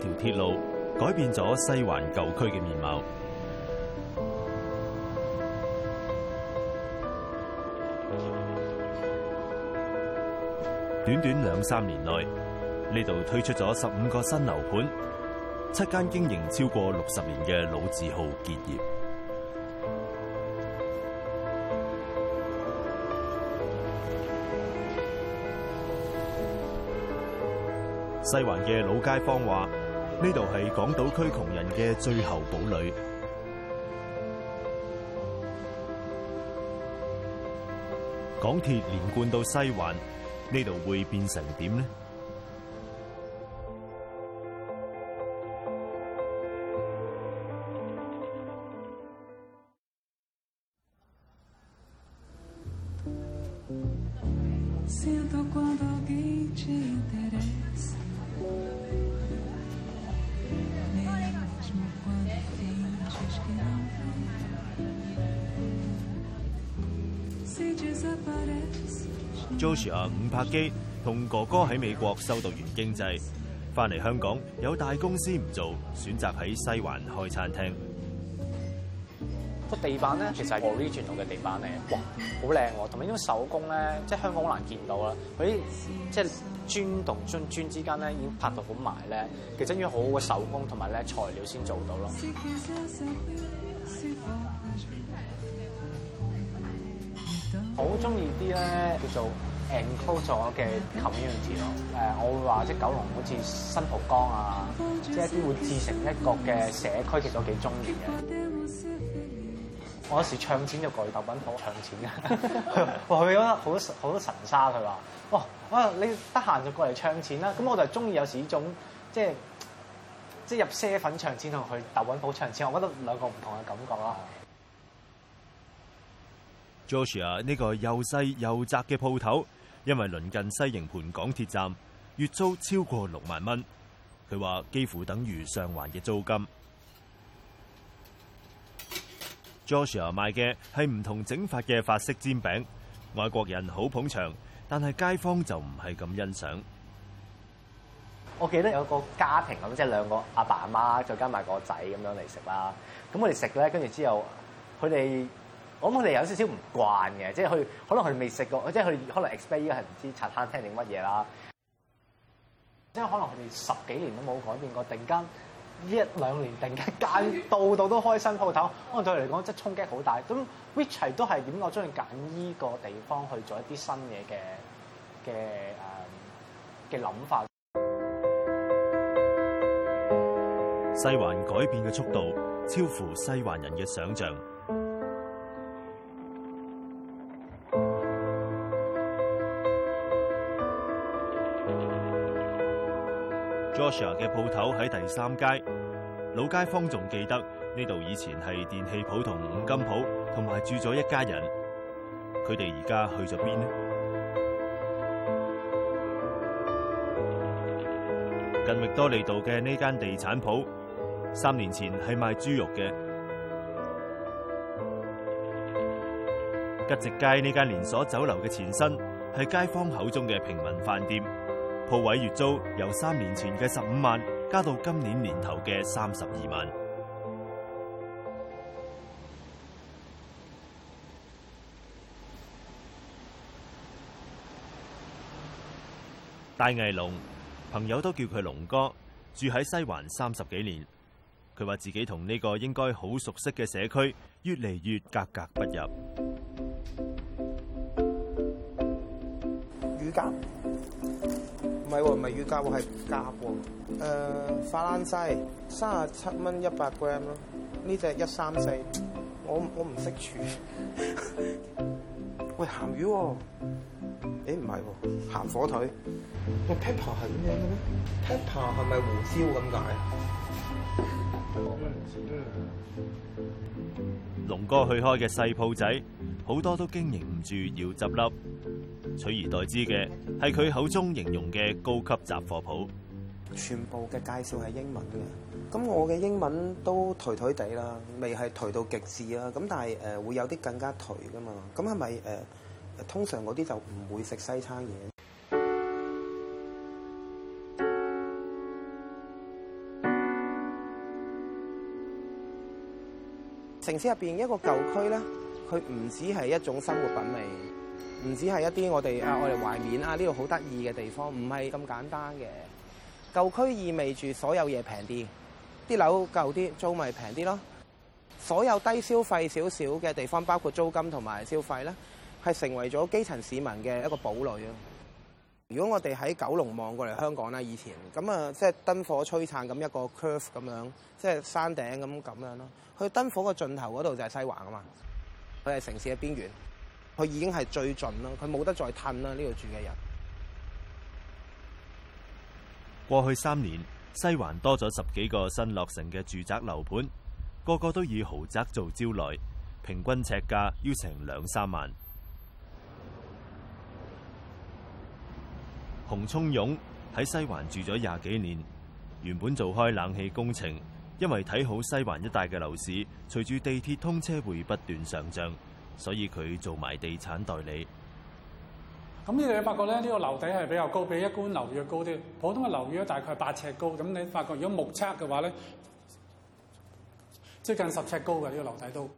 條鐵路改變咗西環舊區嘅面貌。短短兩三年內，呢度推出咗十五個新樓盤，七間經營超過六十年嘅老字號結業。西環嘅老街坊話。呢度係港島區窮人嘅最後堡壘，港鐵連貫到西環，呢度會變成點呢？Joshua 五拍機同哥哥喺美國修讀完經濟，翻嚟香港有大公司唔做，選擇喺西環開餐廳。個地板咧，其實係 very 傳統嘅地板咧，哇，好靚喎！同埋呢種手工咧，即係香港好難見到啊。佢啲即係磚同磚磚之間咧，已經拍到好埋咧，其實要好好嘅手工同埋咧材料先做到咯。 好中意啲咧，叫做 enclosed 嘅 community 咯。誒、呃，我會話即九龍好似新蒲崗啊，即一啲自成一國嘅社區，其實我幾鍾意嘅。 我有時唱錢就過去揾寶，唱錢嘅。哇， 佢覺得好多好多神沙，佢話：哇、哦、啊，你得閒就過嚟唱錢啦。咁我就係中意有時呢種即即入啡粉唱錢同去揼寶唱錢，我覺得兩個唔同嘅感覺啦。Joshua 呢個又細又窄嘅鋪頭，因為鄰近西營盤港鐵站，月租超過六萬蚊。佢話幾乎等於上環嘅租金。Joshua 賣嘅係唔同整法嘅法式煎餅，外國人好捧場，但係街坊就唔係咁欣賞。我記得有個家庭咁，即係兩個阿爸阿媽，再加埋個仔咁樣嚟食啦。咁我哋食咧，跟住之後佢哋。咁佢哋有少少唔慣嘅，即係佢，可能佢未食過，即係佢可能 expect 依家係唔知茶餐廳定乜嘢啦。即係可能佢哋十幾年都冇改變過，突然間呢一兩年突然間間到到都開新鋪頭，可能對佢嚟講真係衝擊好大。咁 which 都係點我中意揀依個地方去做一啲新嘢嘅嘅誒嘅諗法。西環改變嘅速度超乎西環人嘅想像。Gosia 嘅鋪頭喺第三街，老街坊仲記得呢度以前係電器鋪同五金鋪，同埋住咗一家人。佢哋而家去咗邊呢？近域多利道嘅呢間地產鋪，三年前係賣豬肉嘅。吉直街呢間連鎖酒樓嘅前身，係街坊口中嘅平民飯店。鋪位月租由三年前嘅十五萬加到今年年頭嘅三十二萬。大藝龍，朋友都叫佢龍哥，住喺西環三十幾年，佢話自己同呢個應該好熟悉嘅社區越嚟越格格不入。雨夾。唔係喎，唔係乳鴿喎，係夾喎。Uh, 法蘭西三十七蚊一百 gram 咯。呢隻一三四，我我唔識煮。 喂，鹹魚喎，哦？誒唔係喎，鹹火腿。個 pepper 係咁樣嘅咩？pepper 係咪胡椒咁解啊？我唔知。龍哥去開嘅細鋪仔，好多都經營唔住，要執笠。取而代之嘅係佢口中形容嘅高級雜貨鋪，全部嘅介紹係英文嘅。咁我嘅英文都頹頹地啦，未係頹到極致啦。咁但係誒會有啲更加頹噶嘛？咁係咪誒通常嗰啲就唔會食西餐嘢？城市入邊一個舊區咧，佢唔止係一種生活品味。唔止係一啲我哋啊，我哋懷緬啊，呢度好得意嘅地方，唔係咁簡單嘅。舊區意味住所有嘢平啲，啲樓舊啲，租咪平啲咯。所有低消費少少嘅地方，包括租金同埋消費咧，係成為咗基層市民嘅一個堡壘咯。如果我哋喺九龍望過嚟香港啦，以前咁啊，即係燈火璀璨咁一個 curve 咁樣，即係山頂咁咁樣咯。去燈火嘅盡頭嗰度就係西環啊嘛，佢係城市嘅邊緣。佢已經係最盡啦，佢冇得再褪啦。呢度住嘅人過去三年，西環多咗十幾個新落成嘅住宅樓盤，個個都以豪宅做招來，平均尺價要成兩三萬。洪聰勇喺西環住咗廿幾年，原本做開冷氣工程，因為睇好西環一帶嘅樓市，隨住地鐵通車會不斷上漲。所以佢做埋地產代理。咁呢度，你發覺咧，呢個樓底係比較高，比一般樓宇要高啲。普通嘅樓宇咧大概八尺高。咁你發覺，如果目測嘅話咧，接近十尺高嘅呢個樓底都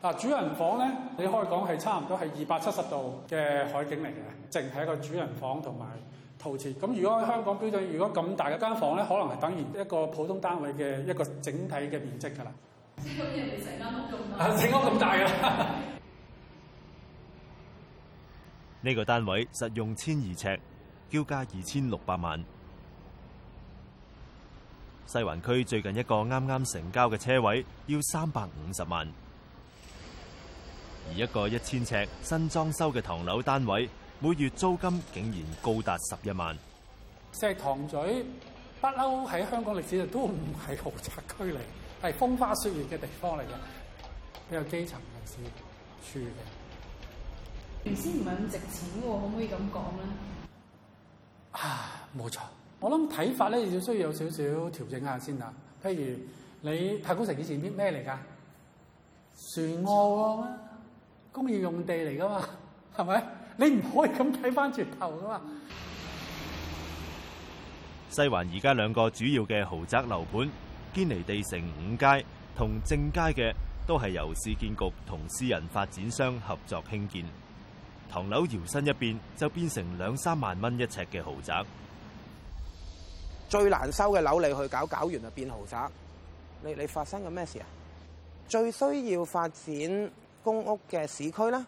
嗱。主人房咧，你可以講係差唔多係二百七十度嘅海景嚟嘅，淨係一個主人房同埋套廁。咁如果香港標準，如果咁大嘅間房咧，可能係等於一個普通單位嘅一個整體嘅面積㗎啦，即好似成間屋咁大。整屋咁大㗎。呢個單位實用千二尺，標價二千六百萬。西環區最近一個啱啱成交嘅車位要三百五十萬，而一個一千尺新裝修嘅唐樓單位，每月租金竟然高達十一萬。石塘咀不嬲喺香港歷史上都唔係豪宅區嚟，係風花雪月嘅地方嚟嘅，比較基層人士住嘅。處原先唔係咁值錢喎，可唔可以咁講咧？啊，冇錯，我諗睇法咧要需要有少少調整下先啦。譬如你太古城以前啲咩嚟噶船澳啊，啊工業用地嚟噶嘛，係咪？你唔可以咁睇翻轉頭噶嘛。西環而家兩個主要嘅豪宅樓盤堅尼地城五街同正街嘅，都係由市建局同私人發展商合作興建。唐樓搖身一變就變成兩三萬蚊一尺嘅豪宅，最難收嘅樓你去搞搞完就變豪宅你，你你發生緊咩事啊？最需要發展公屋嘅市區啦。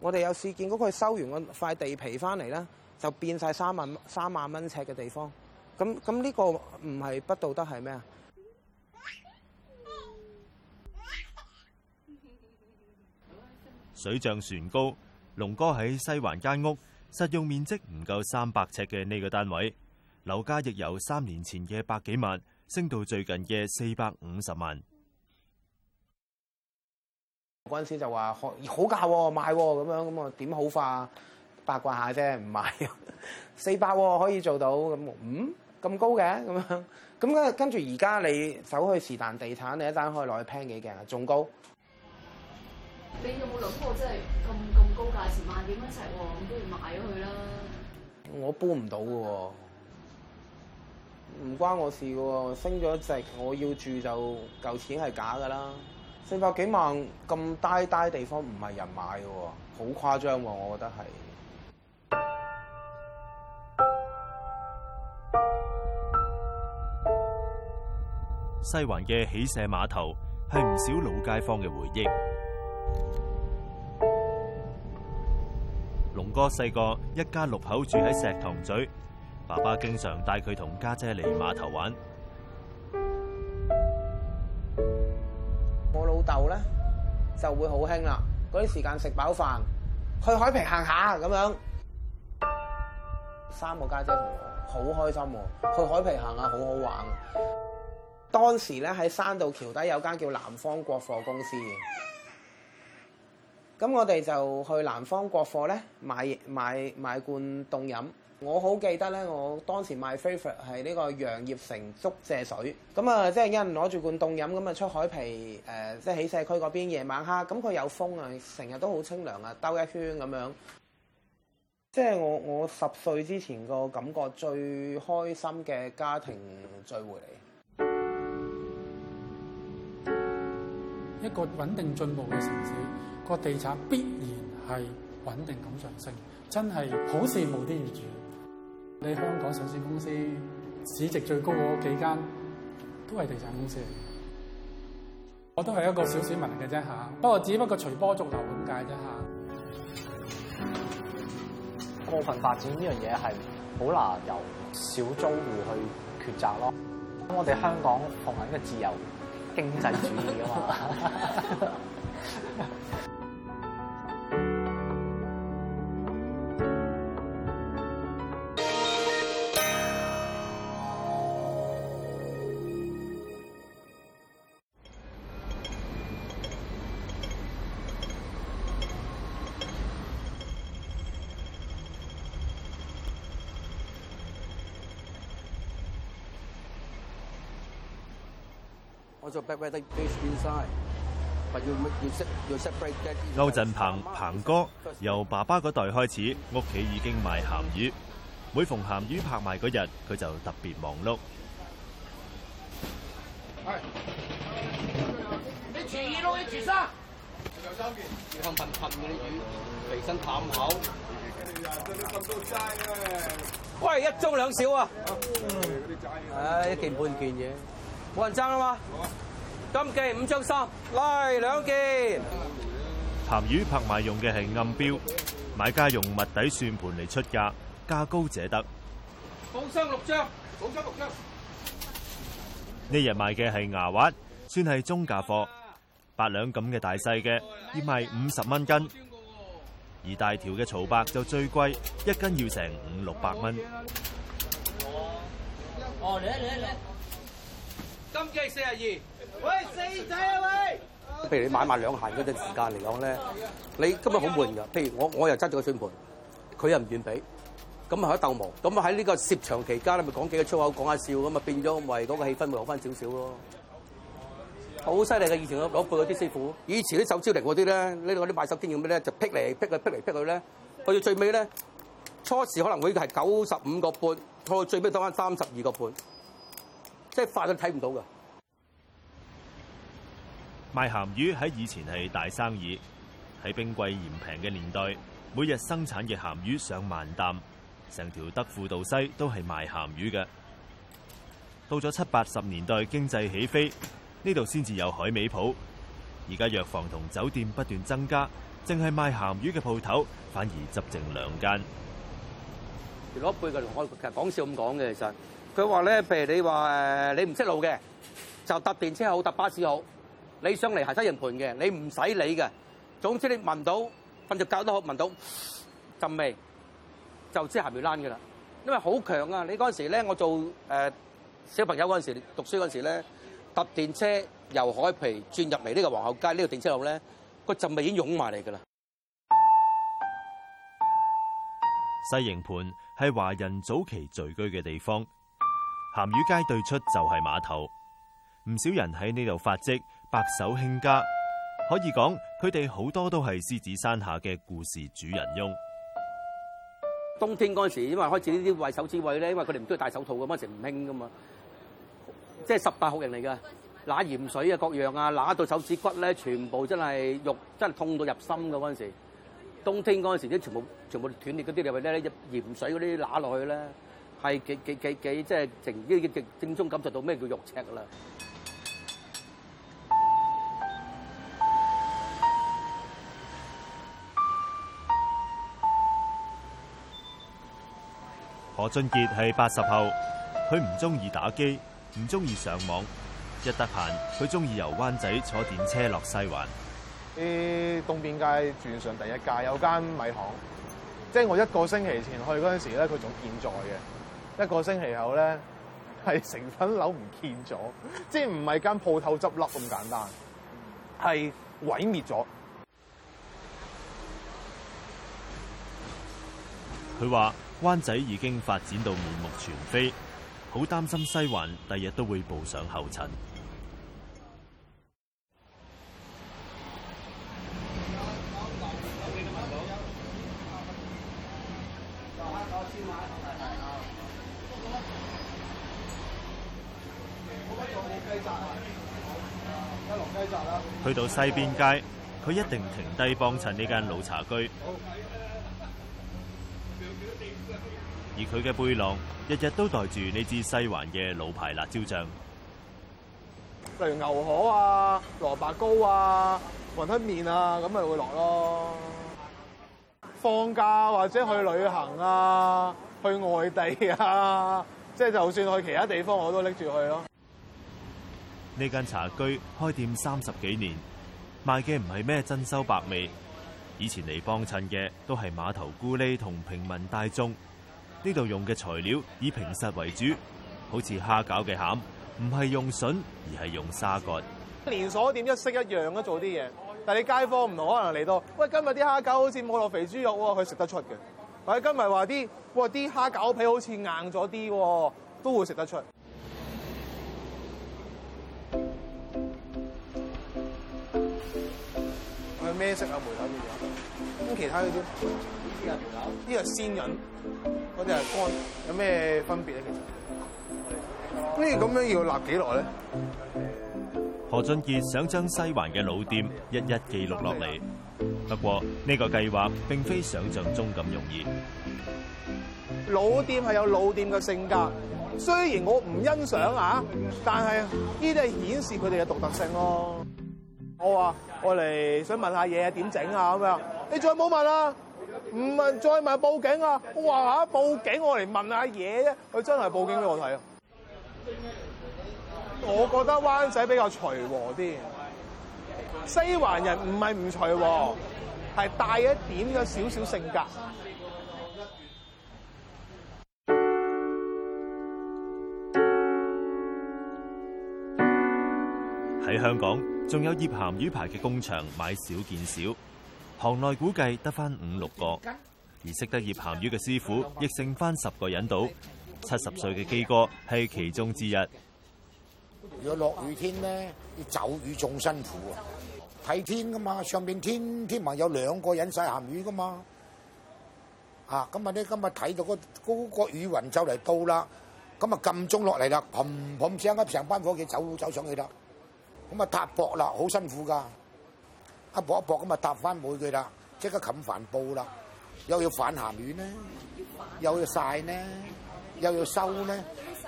我哋有試見過佢收完個塊地皮翻嚟咧，就變晒三萬三萬蚊尺嘅地方，咁咁呢個唔係不道德係咩啊？ 水漲船高。龍哥喺西環間屋，實用面積唔夠三百尺嘅呢個單位，樓價亦由三年前嘅百幾萬升到最近嘅四百五十萬。嗰陣時就話好價賣咁樣，咁啊點好化、啊？八卦下啫，唔賣、啊。四百、啊、可以做到，咁嗯咁高嘅咁樣，咁跟住而家你走去是但地產，你一單可以攞去平幾嘅，仲高？你有冇諗過真係咁咁？成萬點一尺，我不如買咗佢啦。我搬唔到嘅喎，唔關我事嘅喎。升咗一隻，我要住就夠錢係假嘅啦。四百幾萬咁低低地方，唔係人買嘅喎，好誇張喎，我覺得係。西環嘅起卸碼頭係唔少老街坊嘅回憶。哥細個一家六口住喺石塘咀，爸爸經常帶佢同家姐嚟碼頭玩。我老豆咧就會好興啦，嗰啲時間食飽飯，去海平行下咁樣。三個家姐同我好開心，去海平行下好好玩。當時咧喺山道橋底有間叫南方國貨公司。咁我哋就去南方國貨呢買買買，買罐凍飲。我好記得呢，我當時 my favorite 係呢個楊協成竹蔗水。咁啊，即係一人攞住罐凍飲咁啊，出海皮、呃、即係喺社區嗰邊夜晚黑，咁佢有風啊，成日都好清涼啊，兜一圈咁樣。即係我我十歲之前個感覺最開心嘅家庭聚會嚟。一個穩定進步嘅城市，個地產必然係穩定咁上升，真係好羨慕啲業主。你香港上市公司市值最高嗰幾間都係地產公司。我都係一個小市民嘅啫嚇，不過只不過隨波逐流咁解啫嚇。過分發展呢樣嘢係好難由小租戶去抉擇咯。咁我哋香港奉行嘅自由經濟主義啊嘛！歐振鵬，鵬哥，由爸爸嗰代開始，屋企已經賣鹹魚。每逢鹹魚拍賣嗰日，佢就特別忙碌。你除二佬，你除三。兩三件，香噴噴嗰啲魚，肥身淡口。哎呀，都你咁多齋咧！喂，一中兩少啊！哎，一件半件嘢。冇人爭啦嘛，金記五張三，嚟兩件。鹹魚拍賣用嘅係暗標，買家用物底算盤嚟出價，價高者得。五張六張，五張六張。呢日賣嘅係牙滑，算係中價貨，八兩咁嘅大細嘅，要賣五十蚊斤。而大條嘅草白就最貴，一斤要成五六百蚊。哦，哦，嚟嚟嚟。金基四廿二，喂四仔啊喂！譬如你買埋兩行嗰陣時間嚟講咧，你今日好悶㗎。譬如我我又揸咗個轉盤，佢又唔願俾，咁啊喺鬥無，咁啊喺呢個涉場期間咧，咪講幾個粗口，講下笑咁啊，變咗咪嗰個氣氛會好翻少少咯。好犀利嘅，以前我攞過嗰啲師傅，以前啲手招靈嗰啲咧，呢個啲賣手經驗咧，就劈嚟劈去劈嚟劈去咧，去到最尾咧，初時可能會係九十五個半，去到最尾得翻三十二個半。即係快到睇唔到噶。賣鹹魚喺以前係大生意，喺冰櫃嫌平嘅年代，每日生產嘅鹹魚上萬擔，成條德輔道西都係賣鹹魚嘅。到咗七八十年代經濟起飛，呢度先至有海味鋪。而家藥房同酒店不斷增加，淨係賣鹹魚嘅鋪頭反而執剩兩間。如其實講笑咁講嘅其實。佢話咧，譬如你話你唔識路嘅，就搭電車好，搭巴士好。你上嚟係西營盤嘅，你唔使理嘅。總之你聞到瞓著覺都好，聞到陣味就知鹹梅欄㗎啦。因為好強啊！你嗰陣時咧，我做誒、呃、小朋友嗰陣時，讀書嗰陣時咧，搭電車由海皮轉入嚟呢個皇后街，呢、這個電車路咧，那個陣味已經湧埋嚟㗎啦。西營盤係華人早期聚居嘅地方。鹹魚街對出就係碼頭，唔少人喺呢度發跡，白手興家，可以講佢哋好多都係獅子山下嘅故事主人翁。冬天嗰陣時，因為開始呢啲喂手指位，咧，因為佢哋唔中意戴手套噶嘛，成唔興噶嘛。即係十八酷刑嚟噶，乸鹽水啊，各樣啊，乸到手指骨咧，全部真係肉，真係痛到入心噶嗰陣時。冬天嗰陣時，啲全部全部斷裂嗰啲，你話咧鹽水嗰啲乸落去啦。係幾幾幾幾即係正呢啲正宗，正正正正感受到咩叫肉赤啦？何俊傑係八十後，佢唔中意打機，唔中意上網，一得閒佢中意由灣仔，坐電車落西環。欸。啲東邊街轉上第一街有一間米行，即係我一個星期前去嗰陣時咧，佢仲健在嘅。一個星期後咧，係成品樓唔見咗，即係唔係間鋪頭執笠咁簡單，係毀滅咗。佢話灣仔已經發展到面目全非，好擔心西環第日都會步上後塵。去到西邊街，佢一定停低幫襯呢間老茶居。好而佢嘅背囊日日都袋住呢支西環嘅老牌辣椒醬，例如牛河啊、蘿蔔糕啊、雲吞麵啊，咁咪會落咯。放假或者去旅行啊，去外地啊，即係就算去其他地方我，我都拎住去咯。呢間茶居開店三十幾年，賣嘅唔係咩珍饈百味。以前嚟幫襯嘅都係碼頭咕喱同平民大眾。呢度用嘅材料以平實為主，好似蝦餃嘅餡，唔係用筍而係用沙葛。連鎖店一式一樣都做啲嘢，但係你街坊唔可能嚟到。喂，今日啲蝦餃好似冇落肥豬肉喎，佢、哦、食得出嘅。或者今日話啲，哇，啲蝦餃皮好似硬咗啲喎，都會食得出。咩色啊，梅酒點樣？咁其他嗰啲？呢啲係梅酒，呢個仙人嗰啲係乾，有咩分別咧？其實呢咁、嗯、樣要立幾耐咧？何俊杰想將西環嘅老店一一記錄落嚟，不過呢個計劃並非想象中咁容易。老店係有老店嘅性格，雖然我唔欣賞啊，但係呢啲係顯示佢哋嘅獨特性咯、啊。我話。我嚟想問下嘢啊，點整啊咁樣？你再冇問啊，唔問再問報警啊！我話嚇，報警我嚟問下嘢啫，佢真係報警俾我睇啊！ 我覺得灣仔比較隨和啲，西環人唔係唔隨和，係帶一點嘅少少性格。喺香港仲有醃咸魚排嘅工場買少見少，行內估計得翻五六個，而識得醃咸魚嘅師傅亦剩翻十個人到。七十歲嘅基哥係其中之一。如果落雨天咧，要走雨仲辛苦啊！睇天噶嘛，上面天天還有兩個引晒咸魚噶嘛啊！今日咧，今日睇到個嗰個雨雲就嚟到啦，咁啊撳鐘落嚟啦，砰砰聲啊，成班伙計走走上去啦。咁啊，踏薄啦，好辛苦噶！一薄一薄咁啊，踏翻回佢啦，即刻冚帆布啦，又要反鹹魚咧，又要曬咧，又要收咧。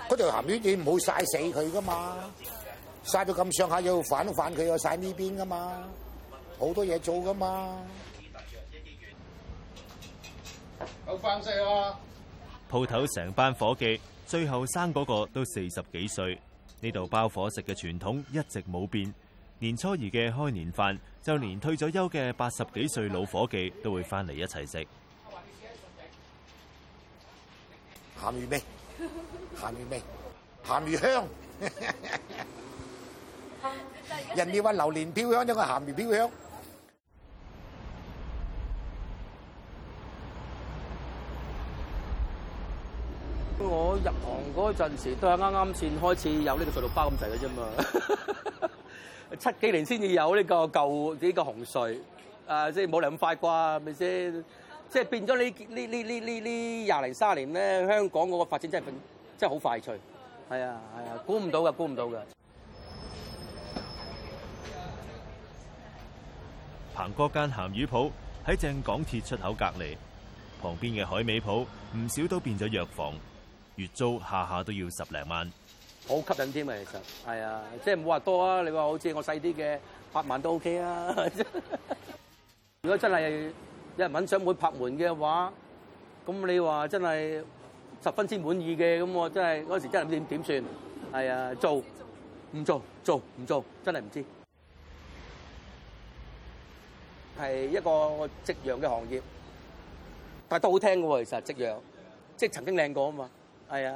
嗰條鹹魚你唔好曬死佢噶嘛，曬到咁上下又要反反佢，又曬呢邊噶嘛，好多嘢做噶嘛。收翻曬啦！鋪頭成班伙記，最後生嗰個都四十幾歲。呢度包伙食嘅傳統一直冇變，年初二嘅開年飯，就連退咗休嘅八十幾歲老伙計都會翻嚟一齊食。鹹魚味，鹹魚味，鹹魚香。 人哋話榴蓮飄香，點解鹹魚飄香？我入行嗰陣時都係啱啱先開始有呢個隧道包咁滯嘅啫嘛，七幾年先至有呢個舊呢、呢個紅隧，啊，即係冇嚟咁快啩，係咪先？即係變咗呢呢呢呢呢廿零三年咧，香港嗰個發展真係真係好快脆，係啊係啊，估唔到嘅，估唔到嘅。彭哥間鹹魚鋪喺正港鐵出口隔離，旁邊嘅海味鋪唔少都變咗藥房。月租下下都要十零萬，好吸引添啊！其實係啊，即係唔好話多啊。你話好似我細啲嘅八萬都 OK 啊。 如果真係有人揾上門拍門嘅話，咁你話真係十分之滿意嘅，咁我真係嗰時真係唔知點算。係啊，做唔做？做唔做？真係唔知。係一個夕陽嘅行業，但係都好聽嘅喎、啊。其實夕陽即係曾經靚過啊嘛。哎呀！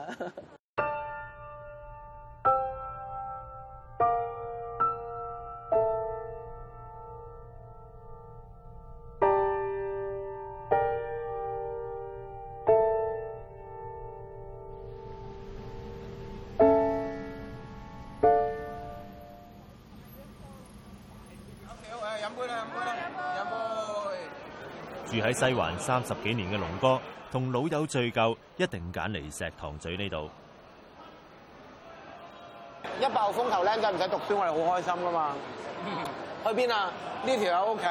住喺西環三十幾年嘅龍哥。同老友聚舊，一定揀嚟石塘咀呢度。一爆風球，靚仔唔使讀書，我哋好開心噶嘛！去邊啊？呢條喺屋企。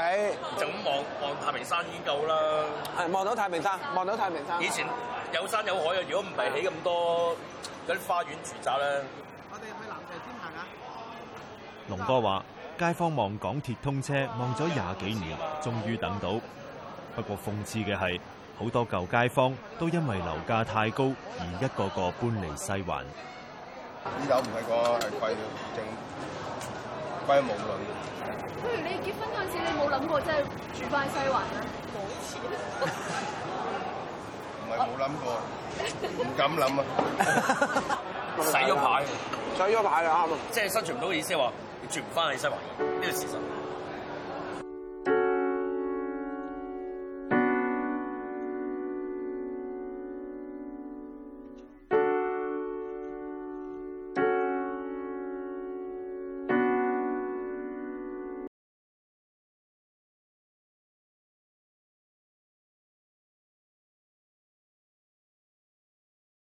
就咁望望太平山已經夠啦。係望到太平山，望到太平山。以前有山有海啊！如果唔係起咁多嗰啲花園住宅咧。我哋去南堤先行下。龍哥話：街坊望港鐵通車，望咗廿幾年，終於等到。不過諷刺嘅係。好多舊街坊都因為樓價太高而一個個搬離西環。呢樓唔係講係貴了，正貴無倫。譬如你結婚嗰陣時，你冇諗過即係住翻西環啊？冇錢。唔係冇諗過，唔敢諗啊！洗咗牌，洗咗牌啊！啱！即係生存唔到嘅意思，話你住唔翻喺西環。這是事實。